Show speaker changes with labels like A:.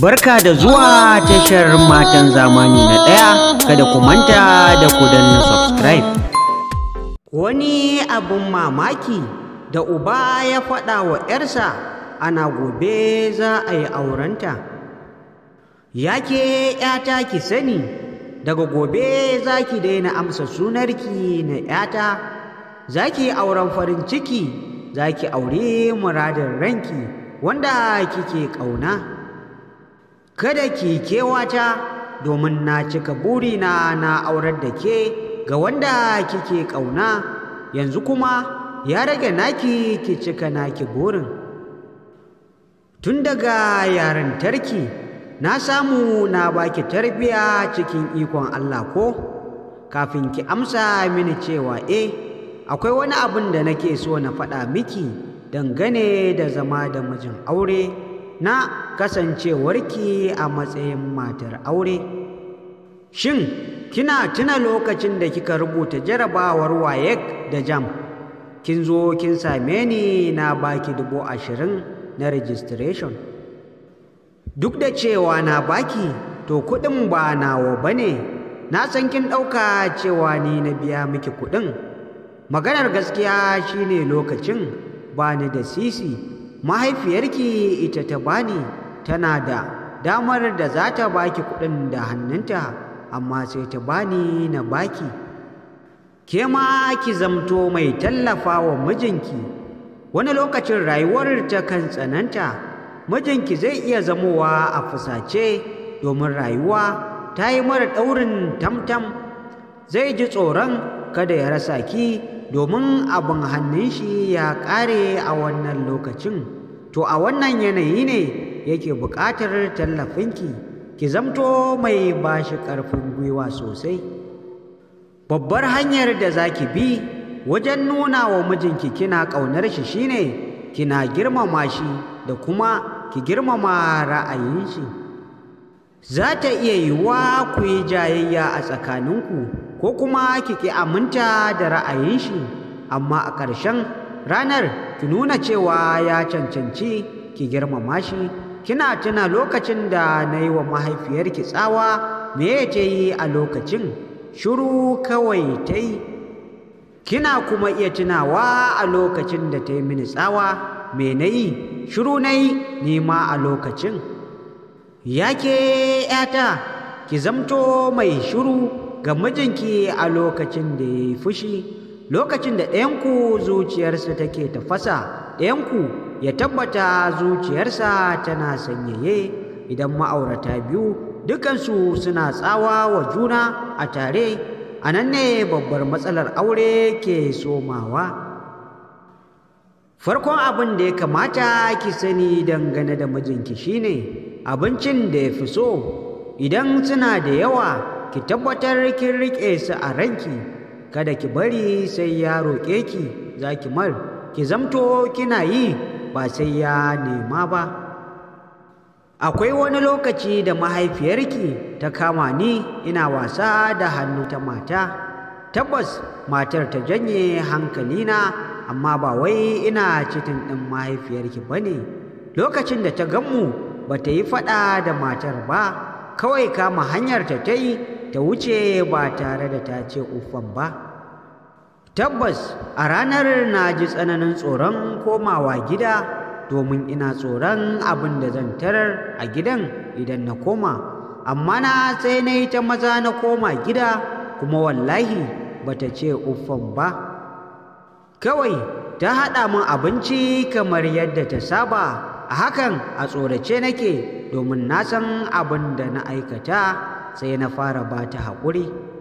A: Barka da zuwa tashar matan zamani na ɗaya kada ku manta da ku danna subscribe. Wani abin mamaki da uba ya faɗa wa ‘yarsa ana gobe za a yi aurenta. Ya ke ‘yata ki sani daga gobe za ki daina amsa sunarki na ‘yata, za ki auren farin ciki, za ki aure muradin ranki wanda kike ƙauna. kada ki kewata domin na cika burina na aurar da ke ga wanda kike ƙauna yanzu kuma ya rage naki ki cika naki burin tun daga yarintarki na samu na baki tarbiya cikin ikon Allah ko kafin ki amsa mini cewa eh akwai wani abin da nake so na faɗa miki dangane da zama da mijin aure na kasancewarki a matsayin matar aure shin kina tuna lokacin da kika rubuta jarabawar wayek da jam kin zo kin same ni na baki dubu ashirin na registration duk da cewa na baki to kuɗin ba nawa ba ne na san kin ɗauka cewa ni na biya miki kuɗin maganar gaskiya shine lokacin ba ni da sisi mahaifiyarki ita ta bani tana da damar da za ta baki kuɗin da hannunta amma sai ta bani na baki ke ma ki zamto mai tallafa wa mijinki wani lokacin rayuwar ta kan tsananta mijinki zai iya zamowa a fusace domin rayuwa ta yi mara ɗaurin tamtam zai ji tsoron kada ya rasa ki domin abin hannun shi ya ƙare a wannan lokacin to a wannan yanayi ne yake buƙatar tallafinki ki zamto mai bashi ƙarfin gwiwa sosai babbar hanyar da za ki bi wajen nuna wa mijinki kina ƙaunar shi shine kina girmama shi da kuma ki girmama ra'ayin shi za ta iya yiwuwa ku yi jayayya a tsakaninku ko kuma ki ƙi aminta da ra'ayin shi amma a ƙarshen ranar ki nuna cewa ya cancanci ki girmama shi kina tuna lokacin da na yi wa mahaifiyarki tsawa me ya ta yi a lokacin Shuru kawai ta yi kina kuma iya tunawa a lokacin da ta yi mini tsawa me na yi Shuru na yi nema a lokacin yake ƴata ki zamto mai shiru ga mijinki a lokacin da ya fushi, lokacin da ɗayanku zuciyarsa take tafasa, ɗayanku ya tabbata zuciyarsa tana sanyaye idan ma'aurata biyu dukansu suna tsawa wa juna a tare, a nan ne babbar matsalar aure ke somawa. Farkon abin da ya kamata ki sani dangane da mijinki shine abincin da ya fi so idan suna da yawa ki tabbatar kin riƙe su a ranki kada ki bari sai ya roƙe ki za ki mar ki zamto kina yi ba sai ya nema ba akwai wani lokaci da mahaifiyarki ta kama ni ina wasa da hannu ta mata tabbas matar ta janye hankalina amma ba wai ina cikin ɗin mahaifiyarki ba ne lokacin da ta ganmu ba ta yi faɗa da matar ba kawai kama hanyar ta ta yi ta wuce ba tare da ta ce uffan ba tabbas a ranar na ji tsananin tsoron komawa gida domin ina tsoron abin da zan tarar a gidan idan na koma amma na sai na yi ta maza na koma gida kuma wallahi bata ce uffan ba kawai ta haɗa min abinci kamar yadda ta saba a hakan a tsorace nake domin na san abin da na aikata sai na fara bata haƙuri